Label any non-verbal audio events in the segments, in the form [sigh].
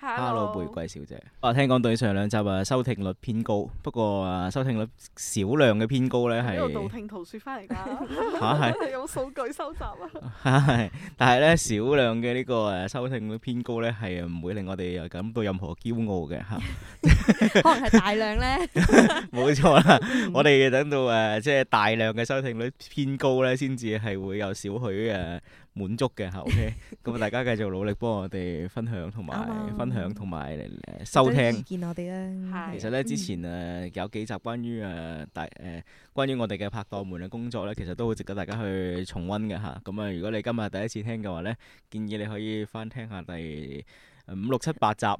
Hello 玫瑰小姐。啊，聽講對上兩集啊收聽率偏高，不過啊收聽率少量嘅偏高咧係，呢個道聽途說翻嚟噶吓係，用數據收集啊。係，但係咧少量嘅呢個誒收聽率偏高咧係唔會令我哋又感到任何驕傲嘅吓。 [laughs] 可能係大量咧。冇錯啦， [laughs] [laughs] 我哋等到誒、啊、即係大量嘅收聽率偏高咧，先至係會有少許嘅。啊滿足嘅嚇，OK，咁啊 [laughs] 大家繼續努力幫我哋分享同埋 [laughs] 分享同埋、呃、收聽。再見我哋啦。其實呢，嗯、之前誒、呃、有幾集關於誒大誒關於我哋嘅拍檔們嘅工作呢，其實都好值得大家去重温嘅嚇。咁、呃、啊，如果你今日第一次聽嘅話呢，建議你可以翻聽下第五六七八集嚇，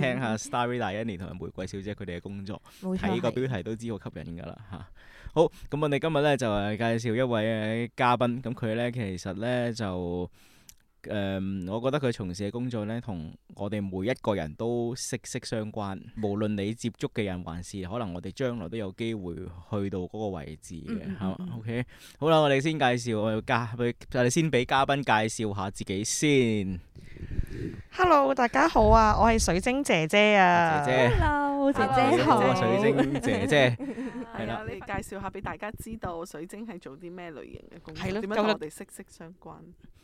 聽下《Starry 大一年》同埋《玫瑰小姐》佢哋嘅工作，睇錯個標題都知好吸引㗎啦嚇。好，咁我哋今日咧就係介紹一位嘉賓，咁佢咧其實咧就。誒，um, 我覺得佢從事嘅工作呢，同我哋每一個人都息息相關。無論你接觸嘅人，還是可能我哋將來都有機會去到嗰個位置嘅，係 OK，好啦，我哋先介紹我哋嘉，我哋先俾嘉賓介紹下自己先。Hello，大家好啊，我係水晶姐姐啊。姐 Hello，姐姐好。Hello, 水晶姐姐係啦，你介紹下俾大家知道，水晶係做啲咩類型嘅工作，咯了，點解了我哋息,息息相關？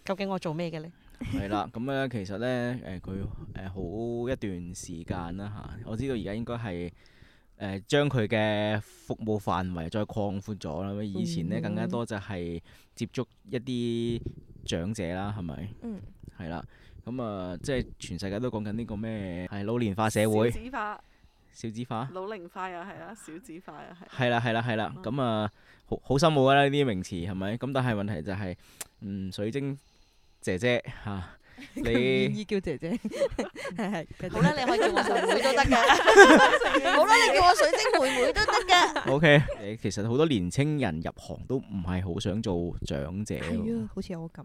究竟我做咩嘅呢？係啦，咁咧其實呢，誒佢誒好一段時間啦嚇。我知道而家應該係誒將佢嘅服務範圍再擴闊咗啦。以前呢，更加多就係接觸一啲長者啦，係咪？嗯。係啦，咁啊，即係全世界都講緊呢個咩？係老年化社會。少子化。少子化。老齡化啊，係啦，少子化啊，係。係啦，係啦，係啦。咁啊，好好深奧㗎啦，呢啲名詞係咪？咁但係問題就係，嗯，水晶。姐姐，吓、啊、你願意叫姐姐，係係好啦，你可以叫我水妹妹都得嘅， [laughs] 好啦，你叫我水晶妹妹都得嘅。 [laughs] OK，誒，其實好多年輕人入行都唔係好想做長者，係好似我咁，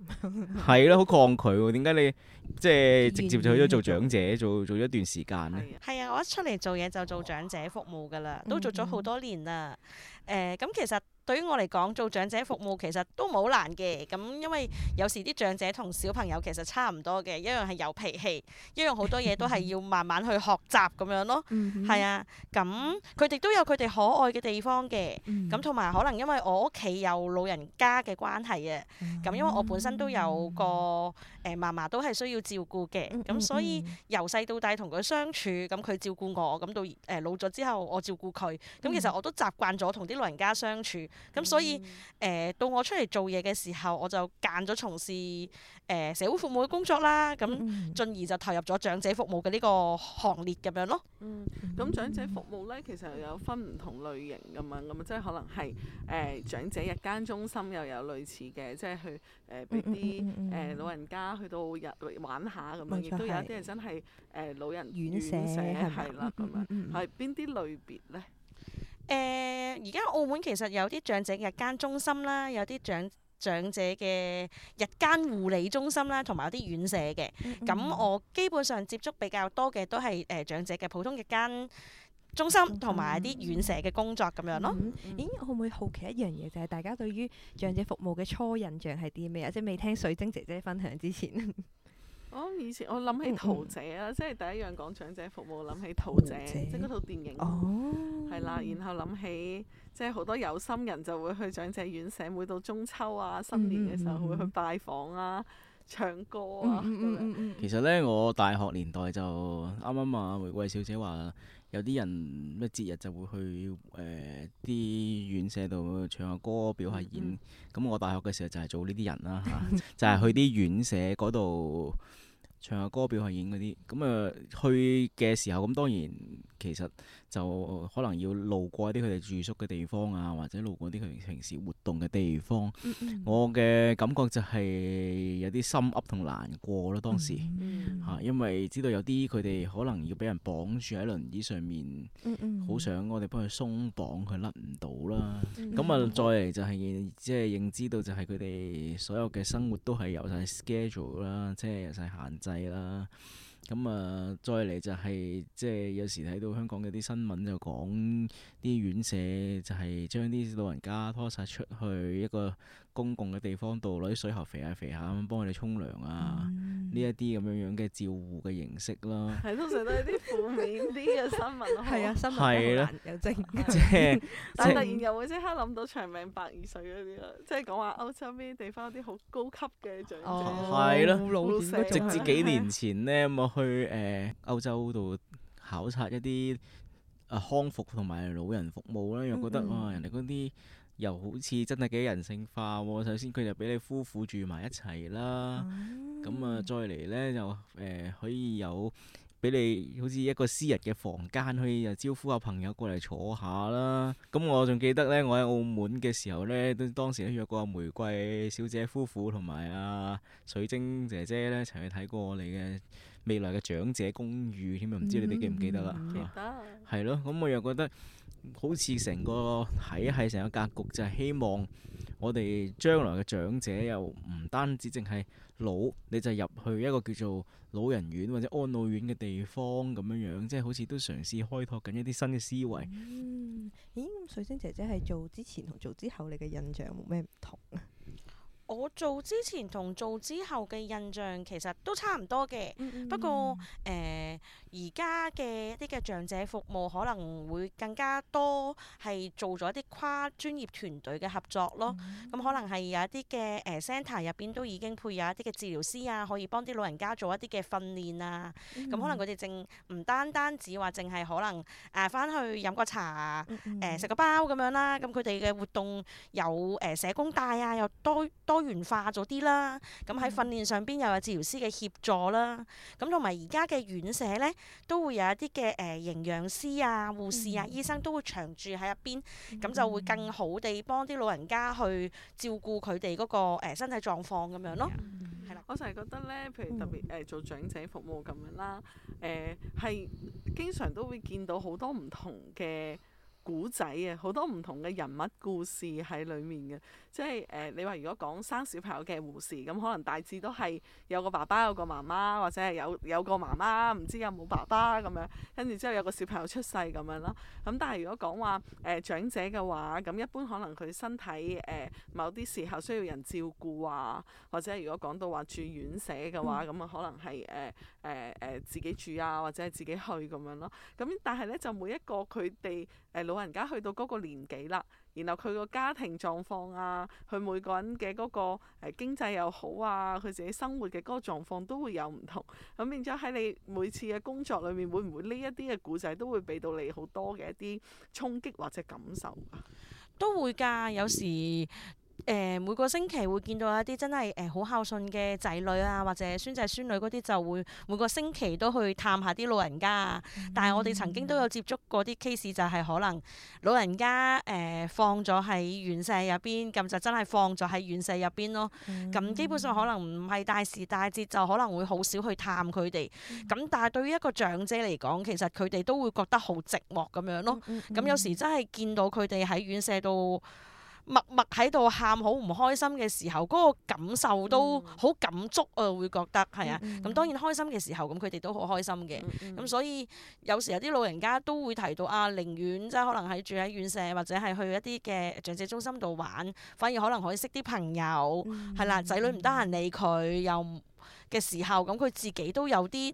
係咯，好、 [laughs] 啊、抗拒喎、啊。點解你即係、就是、直接就去咗做長者，做做咗一段時間咧？係啊，我一出嚟做嘢就做長者服務噶啦，都做咗好多年啦。誒、嗯、咁其實。對於我嚟講，做長者服務其實都冇難嘅，咁因為有時啲長者同小朋友其實差唔多嘅，一樣係有脾氣，一樣好多嘢都係要慢慢去學習咁 [laughs] 樣咯。係、嗯、哼啊，咁佢哋都有佢哋可愛嘅地方嘅。咁同埋可能因為我屋企有老人家嘅關係嘅，咁、 [laughs] 嗯、哼因為我本身都有個。誒嫲嫲都係需要照顧嘅，咁、嗯嗯、所以由細到大同佢相處，咁佢照顧我，咁到誒、呃、老咗之後我照顧佢，咁、嗯嗯、其實我都習慣咗同啲老人家相處，咁、嗯嗯、所以誒、呃、到我出嚟做嘢嘅時候，我就揀咗從事誒、呃、社會服務嘅工作啦，咁、嗯嗯、進而就投入咗長者服務嘅呢個行列咁樣咯。咁、嗯、長者服務咧其實有分唔同類型噉樣，咁啊即係可能係誒、呃、長者日間中心又有類似嘅，即、就、係、是、去誒俾啲誒老人家。去到日玩下咁樣，亦都錯有一啲人真係誒、呃呃、老人院舍。係啦咁樣，係邊啲類別咧？誒、呃，而家澳門其實有啲長者日間中心啦，有啲長長者嘅日間護理中心啦，同埋有啲院舍嘅。咁、嗯、我基本上接觸比較多嘅都係誒長者嘅普通日間。嗯嗯中心同埋啲院舍嘅工作咁樣咯。咦，我會唔會好奇一樣嘢，就係大家對於長者服務嘅初印象係啲咩啊？即係未聽水晶姐姐分享之前，我以前我諗起桃姐啦，即係第一樣講長者服務，諗起桃姐，即係嗰套電影哦，係啦。然後諗起即係好多有心人就會去長者院舍，每到中秋啊、新年嘅時候會去拜訪啊、唱歌啊。其實咧，我大學年代就啱啱啊，玫瑰小姐話。有啲人咩節日就會去誒啲、呃、院舍度唱下歌、表下演。咁、嗯嗯、我大學嘅時候就係做呢啲人啦、啊，嚇、 [laughs] 啊、就係、是、去啲院舍嗰度唱下歌表、表下演嗰啲。咁、呃、啊去嘅時候，咁當然其實，就可能要路過一啲佢哋住宿嘅地方啊，或者路過啲佢平時活動嘅地方。嗯嗯我嘅感覺就係有啲心噏同難過咯，當時嚇，嗯嗯嗯因為知道有啲佢哋可能要俾人綁住喺輪椅上面，好、嗯嗯、想我哋幫佢鬆綁，佢甩唔到啦。咁啊、嗯嗯，再嚟就係即係認知到就係佢哋所有嘅生活都係由晒 schedule 啦，即係由晒限制啦。咁啊、嗯，再嚟就係、是、即係有時睇到香港嘅啲新聞就講啲院舍就係將啲老人家拖曬出去一個。公共嘅地方度攞啲水喉肥下肥下咁，幫佢哋沖涼啊，呢一啲咁樣樣嘅照顧嘅形式啦。係、嗯、 [laughs] 通常都係啲負面啲嘅新聞咯。係啊， [laughs] [laughs] 新聞又難又正，正。 [laughs] 但係突然又會即刻諗到長命百二歲嗰啲咯，即係講話歐洲邊啲地方有啲好高級嘅長者。係咯、啊，直至幾年前呢，咧、嗯，我去誒歐洲度考察一啲啊康復同埋老人服務啦，又覺得哇，人哋嗰啲。又好似真係幾人性化喎！首先佢就俾你夫婦住埋一齊啦，咁啊、哎、再嚟呢，就誒、呃、可以有俾你好似一個私人嘅房間，可以又招呼下朋友過嚟坐下啦。咁、嗯、我仲記得呢，我喺 [noise] 澳門嘅時候呢，都當時呢約過阿玫瑰小姐夫婦同埋阿水晶姐姐呢，一齊去睇過我哋嘅未來嘅長者公寓添啊！唔知你哋記唔記得啦？記得係咯，咁、嗯、 [noise] [noise] 我又覺得。好似成個體系，成個格局，就係希望我哋將來嘅長者又唔單止淨係老，你就入去一個叫做老人院或者安老院嘅地方咁樣樣，即係好似都嘗試開拓緊一啲新嘅思維。嗯，咦？咁水星姐姐係做之前同做之後，你嘅印象有冇咩唔同啊？我做之前同做之後嘅印象其實都差唔多嘅，嗯嗯，不過誒。呃而家嘅一啲嘅長者服務可能會更加多，係做咗一啲跨專業團隊嘅合作咯。咁、mm hmm. 嗯、可能係有一啲嘅誒、呃、center 入邊都已經配有一啲嘅治療師啊，可以幫啲老人家做一啲嘅訓練啊。咁、mm hmm. 嗯、可能佢哋淨唔單單只話淨係可能啊翻、呃、去飲個茶、誒、呃、食個包咁樣啦。咁佢哋嘅活動有誒、呃、社工帶啊，又多多元化咗啲啦。咁、嗯、喺、mm hmm. 訓練上邊又有治療師嘅協助啦。咁同埋而家嘅院舍咧。都會有一啲嘅誒營養師啊、護士啊、嗯、醫生都會長住喺入邊，咁、嗯、就會更好地幫啲老人家去照顧佢哋嗰個誒、呃、身體狀況咁樣咯。係啦、嗯，的我成日覺得咧，譬如特別誒、呃、做長者服務咁樣啦，誒、呃、係經常都會見到好多唔同嘅。古仔啊，好多唔同嘅人物故事喺裏面嘅，即係誒、呃、你話如果講生小朋友嘅護士，咁可能大致都係有個爸爸有個媽媽，或者係有有個媽媽唔知有冇爸爸咁樣，跟住之後有個小朋友出世咁樣咯。咁但係如果講話誒長者嘅話，咁一般可能佢身體誒、呃、某啲時候需要人照顧啊，或者如果講到話住院舍嘅話，咁啊、嗯、可能係誒。呃誒誒、呃、自己住啊，或者係自己去咁樣咯。咁但係咧，就每一個佢哋誒老人家去到嗰個年紀啦，然後佢個家庭狀況啊，佢每個人嘅嗰個誒經濟又好啊，佢自己生活嘅嗰個狀況都會有唔同。咁變咗喺你每次嘅工作裏面，會唔會呢一啲嘅故仔都會俾到你好多嘅一啲衝擊或者感受啊？都會㗎，有時。誒、呃、每個星期會見到一啲真係誒好孝順嘅仔女啊，或者孫仔孫女嗰啲就會每個星期都去探下啲老人家啊。嗯、但係我哋曾經都有接觸過啲 case，就係、是、可能老人家誒、呃、放咗喺院舍入邊，咁就真係放咗喺院舍入邊咯。咁、嗯、基本上可能唔係大時大節，就可能會好少去探佢哋。咁、嗯、但係對於一個長者嚟講，其實佢哋都會覺得好寂寞咁樣咯。咁有時真係見到佢哋喺院舍度。嗯嗯嗯嗯默默喺度喊，好唔開心嘅時候，嗰個感受都好感觸、嗯、啊，會覺得係啊。咁當然開心嘅時候，咁佢哋都好開心嘅。咁、嗯嗯、所以有時有啲老人家都會提到啊，寧願即係可能喺住喺院舍，或者係去一啲嘅長者中心度玩，反而可能可以識啲朋友。係啦、嗯，仔、啊、女唔得閒理佢，又嘅時候，咁佢自己都有啲。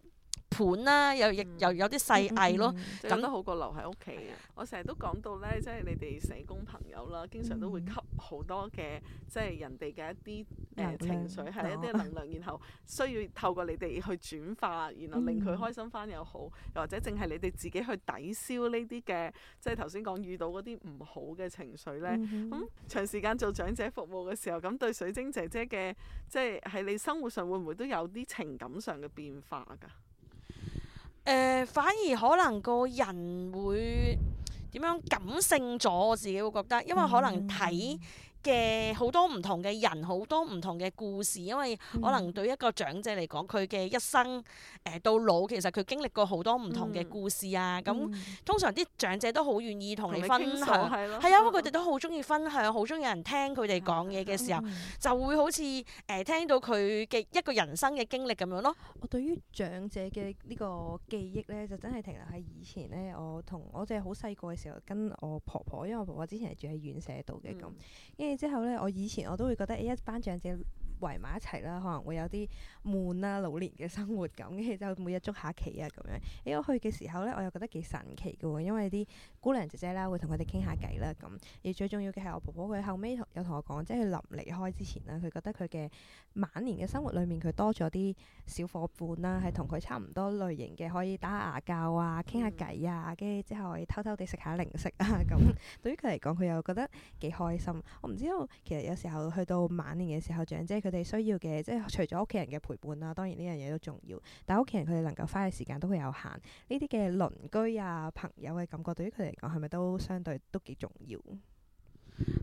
盤啦，又亦又、嗯、有啲細藝咯，咁都、嗯、好過留喺屋企。我成日都講到咧，即係你哋社工朋友啦，經常都會吸好多嘅，嗯、即係人哋嘅一啲誒、呃、情緒，係一啲能量，然後需要透過你哋去轉化，然後令佢開心翻又好，又、嗯、或者淨係你哋自己去抵消呢啲嘅，即係頭先講遇到嗰啲唔好嘅情緒咧。咁、嗯、長時間做長者服務嘅時候，咁對水晶姐姐嘅，即係喺你生活上會唔會都有啲情感上嘅變化㗎？誒、呃，反而可能個人會點樣感性咗？我自己會覺得，因為可能睇嗯嘅好多唔同嘅人，好多唔同嘅故事，因為可能對一個長者嚟講，佢嘅一生誒到老，其實佢經歷過好多唔同嘅故事啊。咁通常啲長者都好願意同你分享，係啊，因為佢哋都好中意分享，好中意有人聽佢哋講嘢嘅時候，就會好似誒聽到佢嘅一個人生嘅經歷咁樣咯。我對於長者嘅呢個記憶咧，就真係停留喺以前咧。我同我哋好細個嘅時候，跟我婆婆，因為我婆婆之前係住喺院舍度嘅，咁，之後呢，我以前我都會覺得、欸、一班長者圍埋一齊啦，可能會有啲悶啦、啊，老年嘅生活咁。跟住就每日捉下棋啊咁樣。誒、欸、我去嘅時候呢，我又覺得幾神奇㗎喎，因為啲～姑娘姐姐啦，會同佢哋傾下偈啦，咁而最重要嘅係我婆婆，佢後尾有同我講，即係佢臨離開之前啦、啊，佢覺得佢嘅晚年嘅生活裏面，佢多咗啲小伙伴啦、啊，係同佢差唔多類型嘅，可以打下牙鉸啊，傾下偈啊，跟住之後可以偷偷哋食下零食啊，咁 [laughs] 對於佢嚟講，佢又覺得幾開心。我唔知道，其實有時候去到晚年嘅時候，長者佢哋需要嘅，即係除咗屋企人嘅陪伴啦、啊，當然呢樣嘢都重要，但係屋企人佢哋能夠花嘅時間都會有限。呢啲嘅鄰居啊、朋友嘅感覺，對於佢哋嚟講，係咪都相對都幾重要？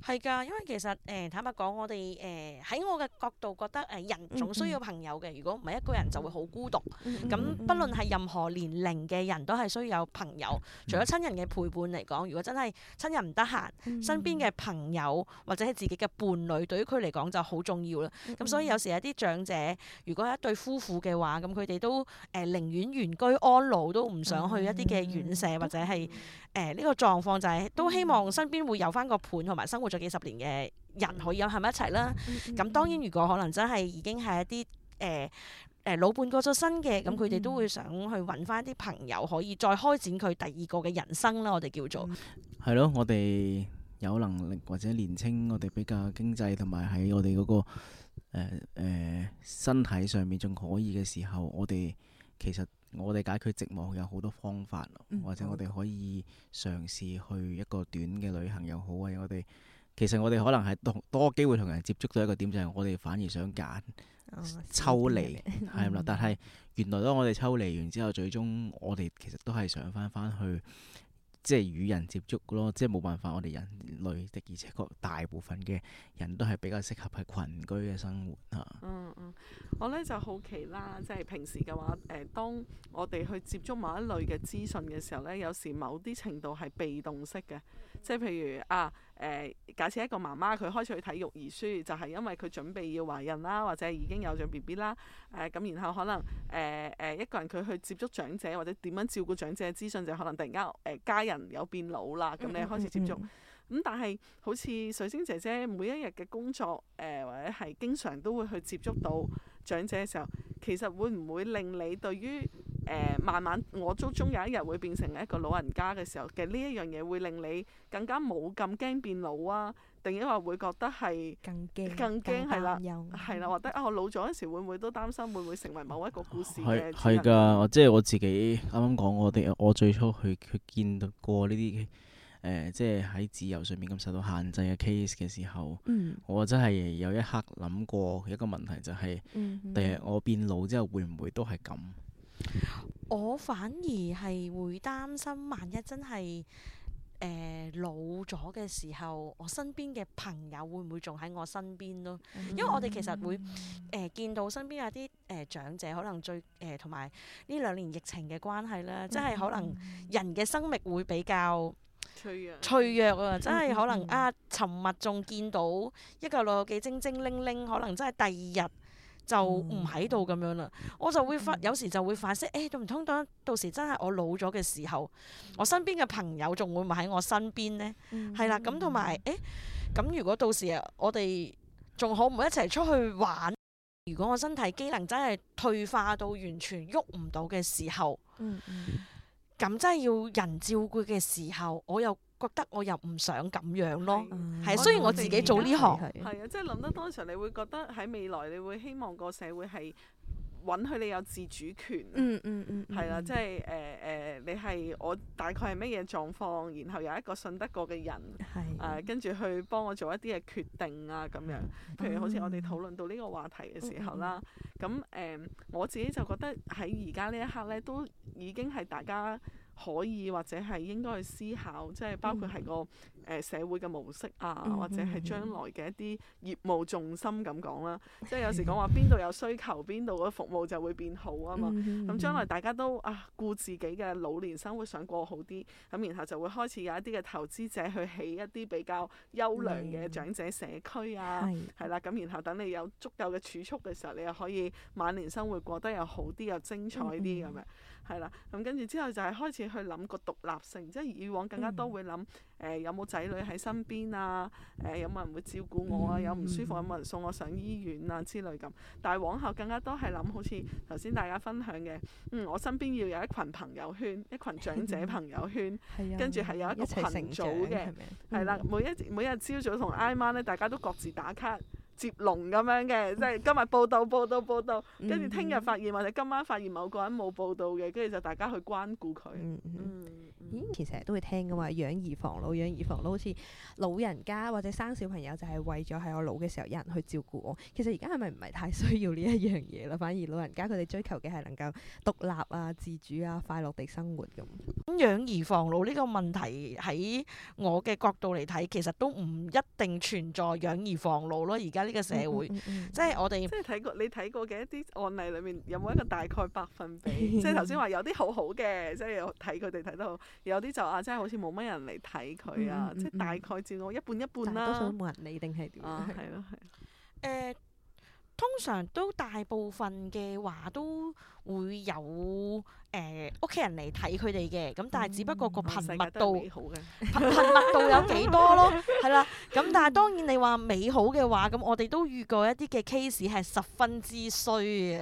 係噶因為其實誒坦白講，我哋誒喺我嘅角度覺得誒人仲需要朋友嘅，如果唔係一個人就會好孤獨。咁不論係任何年齡嘅人都係需要有朋友，除咗親人嘅陪伴嚟講，如果真係親人唔得閒，身邊嘅朋友或者係自己嘅伴侶，對於佢嚟講就好重要啦。咁所以有時有啲長者，如果係一對夫婦嘅話，咁佢哋都誒寧願原居安老，都唔想去一啲嘅院舍或者係誒呢個狀況就係都希望身邊會有翻個伴同埋。生活咗幾十年嘅人可以有喺埋一齊啦。咁、嗯嗯嗯、當然，如果可能，真係已經係一啲誒誒老伴過咗身嘅，咁佢哋都會想去搵返一啲朋友，可以再開展佢第二個嘅人生啦。我哋叫做係咯，我哋有能力或者年青，我哋比較經濟，同埋喺我哋嗰、嗰個誒、呃呃、身體上面仲可以嘅時候，我哋其實。我哋解決寂寞有好多方法，或者我哋可以嘗試去一個短嘅旅行又好啊！我哋其實我哋可能係多多機會同人接觸到一個點，就係、是、我哋反而想揀抽離，係啦、哦。 [laughs] 但係原來當我哋抽離完之後，最終我哋其實都係想返返去。即係與人接觸咯，即係冇辦法，我哋人類的而且確大部分嘅人都係比較適合係群居嘅生活吓。啊、嗯嗯，我呢就好奇啦，即係平時嘅話，誒、呃、當我哋去接觸某一類嘅資訊嘅時候呢，有時某啲程度係被動式嘅，即係譬如啊。誒、呃，假設一個媽媽佢開始去睇育兒書，就係、是、因為佢準備要懷孕啦，或者已經有咗 BB 啦，誒、呃、咁，然後可能誒誒、呃呃、一個人佢去接觸長者或者點樣照顧長者嘅資訊，就可能突然間誒、呃、家人有變老啦，咁 [laughs] 你開始接觸。 [laughs] 咁但係好似水星姐姐每一日嘅工作，誒、呃、或者係經常都會去接觸到長者嘅時候，其實會唔會令你對於誒、呃、慢慢我足終有一日會變成一個老人家嘅時候，嘅呢一樣嘢會令你更加冇咁驚變老啊？定係話會覺得係更驚、更驚係啦，係啦，或者我老咗嗰時會唔會都擔心會唔會成為某一個故事嘅？係㗎，即係我自己啱啱講我哋我最初去去見到過呢啲。誒、呃，即係喺自由上面咁受到限制嘅 case 嘅時候，嗯、我真係有一刻諗過一個問題、就是，就係第日我變老之後會唔會都係咁？我反而係會擔心，萬一真係誒、呃、老咗嘅時候，我身邊嘅朋友會唔會仲喺我身邊咯？嗯嗯，因為我哋其實會誒、呃、見到身邊有啲誒、呃、長者，可能最誒同埋呢兩年疫情嘅關係啦，即係可能人嘅生命會比較脆弱啊，真係可能啊，尋日仲見到一嚿老友記精精靈靈，可能真係第二日就唔喺度咁樣啦。我就會反，有時就會反思，誒，都唔通當到時真係我老咗嘅時候，我身邊嘅朋友仲會唔喺我身邊呢？係啦，咁同埋誒，咁如果到時啊，我哋仲好唔好一齊出去玩？如果我身體機能真係退化到完全喐唔到嘅時候，咁真係要人照顧嘅時候，我又覺得我又唔想咁樣咯。係啊，雖然我自己做呢行，係啊，即係諗得多時你會覺得喺未來你會希望個社會係。允許你有自主權，係啦、嗯，即係誒誒，你係我大概係乜嘢狀況，然後有一個信得過嘅人，誒係、呃、跟住去幫我做一啲嘅決定啊咁樣。係譬如好似我哋討論到呢個話題嘅時候啦，咁誒 Okay.、呃、我自己就覺得喺而家呢一刻咧，都已經係大家。可以或者係應該去思考，即係包括係個誒、嗯呃、社會嘅模式啊，嗯、或者係將來嘅一啲業務重心咁講啦。嗯、即係有時講話邊度有需求，邊度個服務就會變好啊嘛。咁將來大家都啊顧自己嘅老年生活，想過好啲，咁然後就會開始有一啲嘅投資者去起一啲比較優良嘅長者社區啊，係啦。咁、嗯、然後等你有足夠嘅儲蓄嘅時候，你又可以晚年生活過得又好啲，又精彩啲咁樣。係啦，咁、嗯、跟住之後就係開始去諗個獨立性，即、就、係、是、以往更加多會諗誒、嗯呃、有冇仔女喺身邊啊，誒、呃、有冇人會照顧我啊，嗯、有唔舒服有冇人送我上醫院啊之類咁。但係往後更加多係諗好似頭先大家分享嘅，嗯，我身邊要有一群朋友圈，一群長者朋友圈， [laughs] 的跟住係有一個群組嘅，係啦的、嗯，每一每日朝早同挨晚咧，大家都各自打卡。接龍咁樣嘅，即係今日報到 [laughs] 報到報到，跟住聽日發現或者今晚發現某個人冇報到嘅，跟住就大家去關顧佢。 [laughs] 嗯嗯，其實都會聽㗎嘛，養兒防老，養兒防老好似老人家或者生小朋友就係為咗喺我老嘅時候有人去照顧我。其實而家係咪唔係太需要呢一樣嘢啦？反而老人家佢哋追求嘅係能夠獨立啊、自主啊、快樂地生活咁。咁養兒防老呢個問題喺我嘅角度嚟睇，其實都唔一定存在養兒防老咯。而家呢個社會，嗯嗯嗯嗯即係我哋即係睇過你睇過嘅一啲案例裏面，有冇一個大概百分比？ [laughs] 即係頭先話有啲好好嘅，即係睇佢哋睇得好。有啲就啊，真係好似冇乜人嚟睇佢啊，嗯、即係大概佔到一半一半啦、啊。大多數都冇人理定係點啊，係咯，係誒。嗯通常都大部分嘅話都會有誒屋企人嚟睇佢哋嘅，咁但係只不過個頻密度、嗯、好頻頻密度有幾多咯，係啦、 [laughs] 啊。咁但係當然你話美好嘅話，咁我哋都遇過一啲嘅 case 係十分之衰嘅，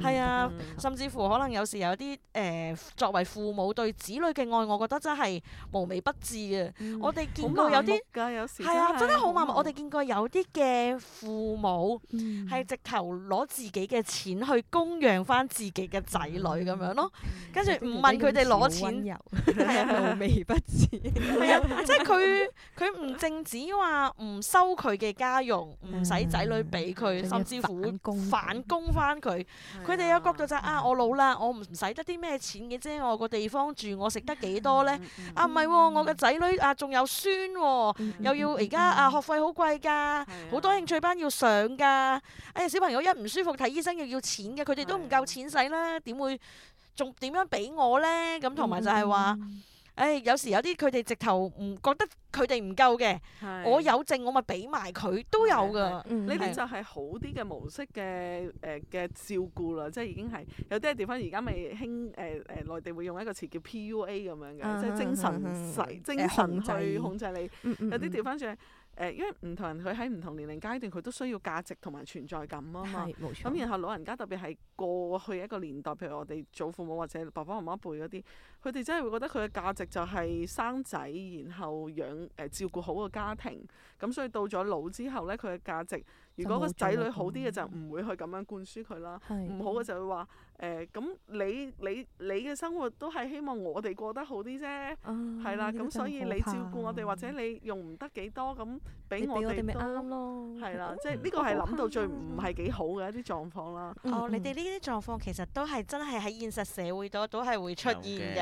係、嗯、啊，嗯、甚至乎可能有時有啲誒、呃、作為父母對子女嘅愛我覺得真係無微不至啊。嗯、我哋見過有啲有時，係啊，真係好麻木。我哋見過有啲嘅父母係、嗯。直頭攞自己嘅錢去供養翻自己嘅仔女咁樣咯，跟住唔問佢哋攞錢，一路微不至、嗯。係啊，即係佢佢唔淨止話唔收佢嘅家用，唔使仔女俾佢，甚至乎反供翻佢。佢哋有角度就啊我，我老啦，我唔使得啲咩錢嘅啫，我個地方住我，我食得幾多咧？嗯嗯、啊，唔係、哦，我嘅仔女啊，仲有孫、哦，嗯嗯、又要而家啊，學費好貴噶，好對、啊、多興趣班要上噶。哎，小朋友一唔舒服睇醫生又要錢嘅，佢哋都唔夠錢使啦，點的會仲點樣俾我咧？咁同埋就係話，嗯、哎，有時有啲佢哋直頭唔覺得佢哋唔夠嘅的，我有證我咪俾埋佢都有噶。呢啲、嗯、就係好啲嘅模式嘅誒嘅照顧啦，即係已經係有啲地方而家咪興誒誒內地會用一個詞叫 PUA 咁樣嘅，嗯、即係精神、嗯嗯嗯嗯、精神去控制你。有啲調翻轉。嗯嗯 [laughs] 誒，因為唔同人佢喺唔同年齡階段，佢都需要價值同埋存在感啊嘛。冇錯是。咁然後老人家特別係過去一個年代，譬如我哋祖父母或者爸爸媽媽輩嗰啲，佢哋真係會覺得佢嘅價值就係生仔，然後養誒、呃、照顧好個家庭。咁、嗯、所以到咗老之後咧，佢嘅價值。如果個仔女好啲嘅就唔會去咁樣灌輸佢啦，唔好嘅就會話誒咁你你你嘅生活都係希望我哋過得好啲啫，係啦，咁所以你照顧我哋或者你用唔得幾多咁俾我哋咪啱咯，係啦，即係呢個係諗到最唔係幾好嘅一啲狀況啦。哦，你哋呢啲狀況其實都係真係喺現實社會度都係會出現嘅，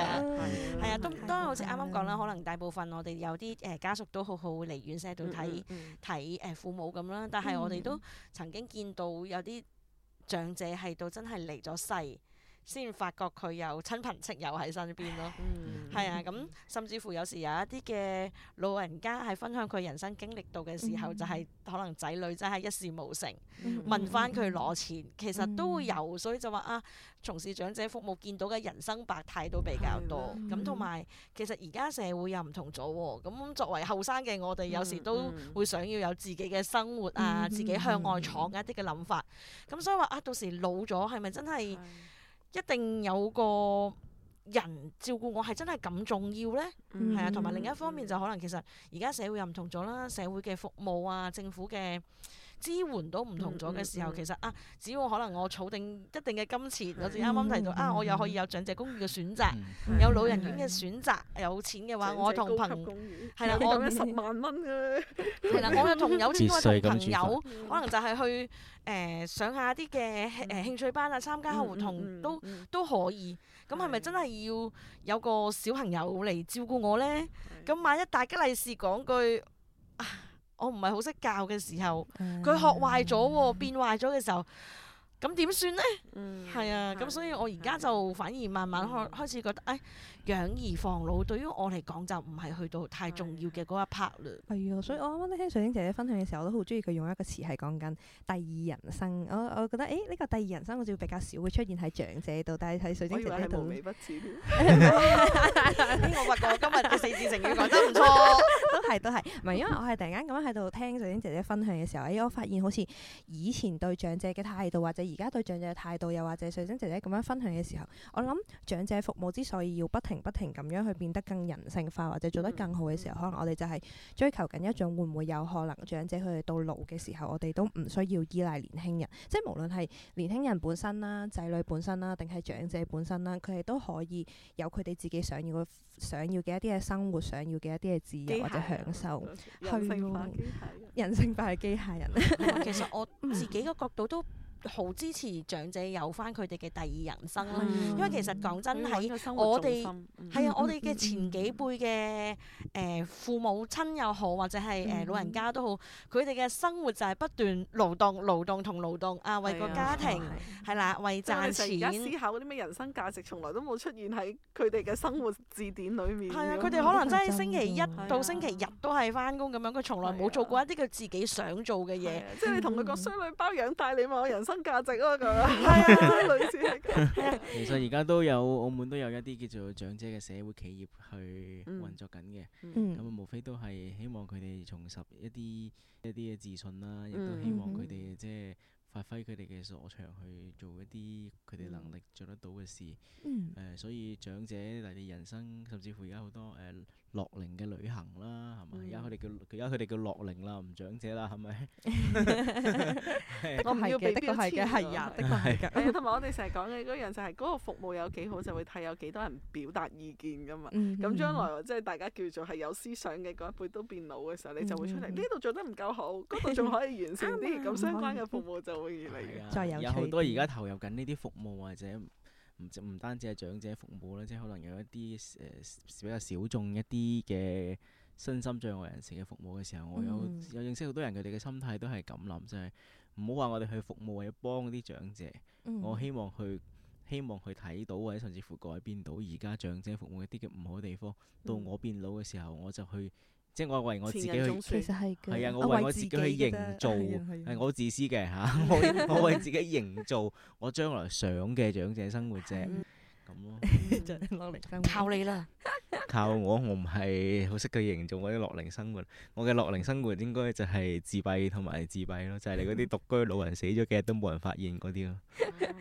係啊，都當然好似啱啱講啦，可能大部分我哋有啲誒家屬都好好嚟院舍度睇睇誒父母咁啦，但係我哋。都、嗯、曾經見到有啲長者係到真係離咗世，先發覺佢有親朋戚友喺身邊咯，係啊，咁甚至乎有時有一啲嘅老人家係分享佢人生經歷度嘅時候，就係可能仔女真係一事無成，問翻佢攞錢，其實都會有，所以就話啊，從事長者服務見到嘅人生百態都比較多，咁同埋其實而家社會又唔同咗喎，咁作為後生嘅我哋，有時都會想要有自己嘅生活啊，自己向外闖一啲嘅諗法，咁所以話啊，到時老咗係咪真係一定有個人照顧我，係真係咁重要呢？係、mm hmm. 啊，同埋另一方面就可能其實而家社會又唔同咗啦，社會嘅服務啊，政府嘅。支援到唔同咗嘅時候，其實啊，只要可能我儲定一定嘅金錢，我哋啱啱提到啊，我又可以有長者公寓嘅選擇，有老人院嘅選擇。有錢嘅話，我同朋友係啦，我十萬蚊嘅係啦，我同有啲同朋友，可能就係去誒上下啲嘅誒興趣班啊，參加下活動都都可以。咁係咪真係要有個小朋友嚟照顧我咧？咁萬一大吉利是講句，我唔係好識教嘅時候，佢學壞咗，變壞咗嘅時候，咁點算呢？係、嗯、啊，咁所以我而家就反而慢慢開開始覺得，嗯、哎。養兒防老對於我嚟講就唔係去到太重要嘅嗰一 part 嘞。係啊，所以我啱啱聽水晶姐姐分享嘅時候，我都好中意佢用一個詞係講緊第二人生。我我覺得誒呢個、欸這個第二人生好似比較少會出現喺長者度，但係睇水晶姐姐度，可以話係無微不至。我發覺我今日嘅四字成語講得唔錯， [laughs] [laughs] 都係都係。唔係因為我係突然間咁樣喺度聽水晶姐姐分享嘅時候，誒、欸、我發現好似以前對長者嘅態度，或者而家對長者嘅態度，又或者水晶姐姐咁樣分享嘅時候，我諗長者服務之所以要不停，不停咁樣去變得更人性化或者做得更好嘅時候，嗯、可能我哋就係追求緊一種會唔會有可能、嗯、長者佢哋到老嘅時候，我哋都唔需要依賴年輕人，即係無論係年輕人本身啦、仔女本身啦，定係長者本身啦，佢哋都可以有佢哋自己想要嘅、想要嘅一啲嘅生活、想要嘅一啲嘅自由或者享受。去人性化嘅機械人。其實我自己個角度都、嗯。好支持長者有翻佢哋嘅第二人生啦，因為其實講真係我哋係啊，我哋嘅前幾輩嘅誒父母親又好，或者係誒老人家都好，佢哋嘅生活就係不斷勞動勞動同勞動啊，為個家庭係啦，為賺錢。而家思考啲咩人生價值，從來都冇出現喺佢哋嘅生活字典裏面。係啊，佢哋可能真係星期一到星期日都係翻工咁樣，佢從來冇做過一啲佢自己想做嘅嘢。即係你同佢個衰女包養大你冇人增值啊，咁樣，係似係，其實而家都有，澳門都有一啲叫做長者嘅社會企業去運作緊嘅。咁啊、嗯，嗯、無非都係希望佢哋重拾一啲一啲嘅自信啦、啊，亦都希望佢哋即係發揮佢哋嘅所長去做一啲佢哋能力做得到嘅事。誒、嗯呃，所以長者嚟如人生，甚至乎而家好多誒。呃樂齡嘅旅行啦，係咪？而家佢哋叫，而家佢哋叫樂齡啦，唔長者啦，係咪？ [laughs] 我的確係嘅，係啊，的確係同埋我哋成日講嘅嗰樣就係、是，嗰 [laughs] 個服務有幾好，就會睇有幾多人表達意見㗎嘛。咁、嗯、哼將來即係、就是、大家叫做係有思想嘅嗰、那個、一輩都變老嘅時候，你就會出嚟呢度做得唔夠好，嗰度仲可以完善啲，咁、 [laughs] 嗯、哼相關嘅服務就會越嚟越、 [laughs] 啊。有好多而家投入緊呢啲服務或者。唔只唔單止係長者服務啦，即係可能有一啲誒、呃、比較小眾一啲嘅身心障礙人士嘅服務嘅時候，我有、嗯、有認識好多人，佢哋嘅心態都係咁諗，就係唔好話我哋去服務或者幫啲長者，嗯、我希望去希望去睇到或者甚至乎改變到而家長者服務一啲嘅唔好地方，到我變老嘅時候我就去。即係我為我自己去，係啊，的我為我自己去營造，係我,自,造我好自私嘅嚇，我 [laughs] [laughs] 我為自己營造我將來想嘅長者生活啫。 [laughs] 就係樂齡靠你啦 了！ [laughs] 靠我，我唔係好識佢營造嗰啲樂齡生活。我嘅樂齡生活應該就係自閉同埋自閉咯，就係、是、你嗰啲獨居老人死咗幾日都冇人發現嗰啲咯。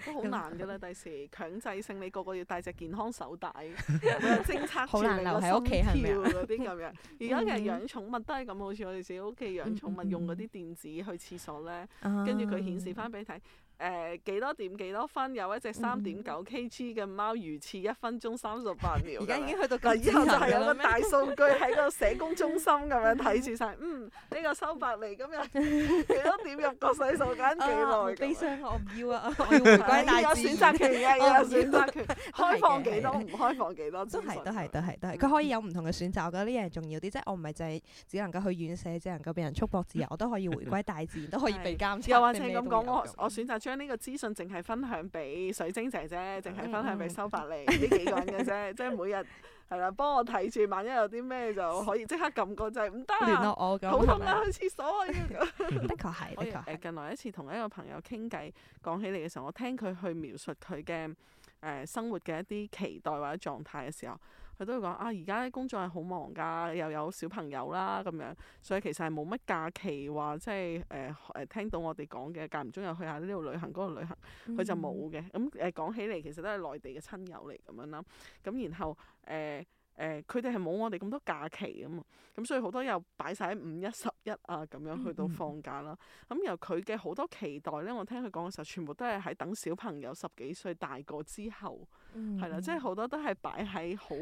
都好難㗎啦！第時強制性你個個要帶隻健康手帶，偵 [laughs] 測住你個心跳嗰啲咁樣。而 [laughs] 家 [laughs] 其實養寵物都係咁，好似我哋自己屋企養寵物，嗯，嗯、用嗰啲電子去廁所咧，跟住佢顯示翻俾你睇。誒幾多點幾多分？有一隻三點九 kg 嘅貓魚翅，一分鐘三十八秒。而家已經去到計。以後就係有個大數據喺個社工中心咁樣睇住晒。嗯，呢個收法嚟，今日幾多點入國勢數間幾耐？悲傷我唔要啊！我唔要。回歸大自然。我有選擇權，我有選擇權。開放幾多？唔開放幾多？都係都係都係都係。佢可以有唔同嘅選擇。我覺得呢樣重要啲，即係我唔係就係只能夠去院舍，只能夠俾人束縛自由，我都可以回歸大自然，都可以被監視。又話請咁講我，我選擇出。將呢個資訊淨係分享俾水晶姐姐，淨係分享俾修法利呢幾個人嘅啫。 [laughs] 即係每日係啦，幫我睇住，萬一有啲咩就可以即刻撳個掣，唔得啊！我好痛啊！嗎去廁所啊！ [laughs] [laughs] 的確係的確係，近來一次同一個朋友傾偈講起嚟嘅時候，我聽佢去描述佢嘅誒生活嘅一啲期待或者狀態嘅時候。佢都會講啊，而家工作係好忙㗎，又有小朋友啦咁樣，所以其實係冇乜假期話即係誒誒聽到我哋講嘅，間唔中又去下呢度旅行嗰度旅行，佢就冇嘅。咁誒講起嚟其實都係內地嘅親友嚟咁樣啦。咁然後誒。呃誒，佢哋係冇我哋咁多假期啊咁、嗯、所以好多又擺晒喺五一十一啊咁樣去到放假啦。咁、嗯嗯、由佢嘅好多期待咧，我聽佢講嘅時候，全部都係喺等小朋友十幾歲大個之後，係啦、嗯，即係好多都係擺喺好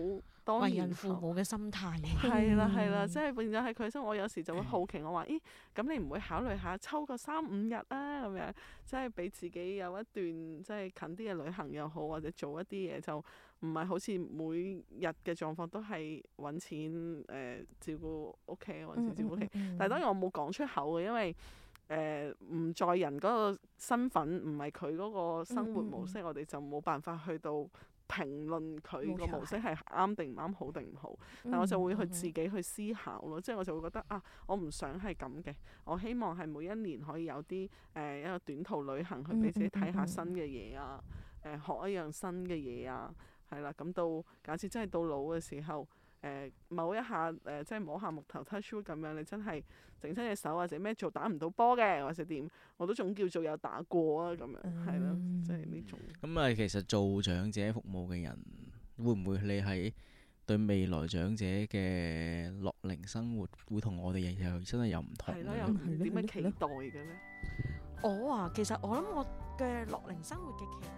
多為人父母嘅心態嚟。係啦係啦，即係變咗喺佢心，我有時就會好奇，嗯、我話，咦，咁你唔會考慮下抽個三五日啊？咁樣即係俾自己有一段即係近啲嘅旅行又好，或者做一啲嘢就。唔係好似每日嘅狀況都係揾錢誒、呃、照顧屋企，揾錢照顧屋企。但係當然我冇講出口嘅，因為誒唔、呃、在人嗰個身份，唔係佢嗰個生活模式，嗯、我哋就冇辦法去到評論佢個模式係啱定唔啱，好定唔好。嗯嗯、但我就會去自己去思考咯，即係我就會覺得啊，我唔想係咁嘅，我希望係每一年可以有啲誒、呃、一個短途旅行去俾自己睇下新嘅嘢啊，誒、呃、學一,一樣新嘅嘢啊。係啦，咁到、嗯、假設真係到老嘅時候，誒、呃、某一下誒、呃、即係摸下木頭 touch wood 咁樣，你真係整親隻手或者咩做打唔到波嘅，或者點，我都仲叫做有打過啊咁樣，係咯、啊，即係呢種。咁啊、嗯嗯嗯嗯，其實做長者服務嘅人，會唔會你係對未來長者嘅樂齡生活會我同我哋又真係有唔同？係啦，又點樣期待嘅呢？我啊，其實我諗我嘅樂齡生活嘅期。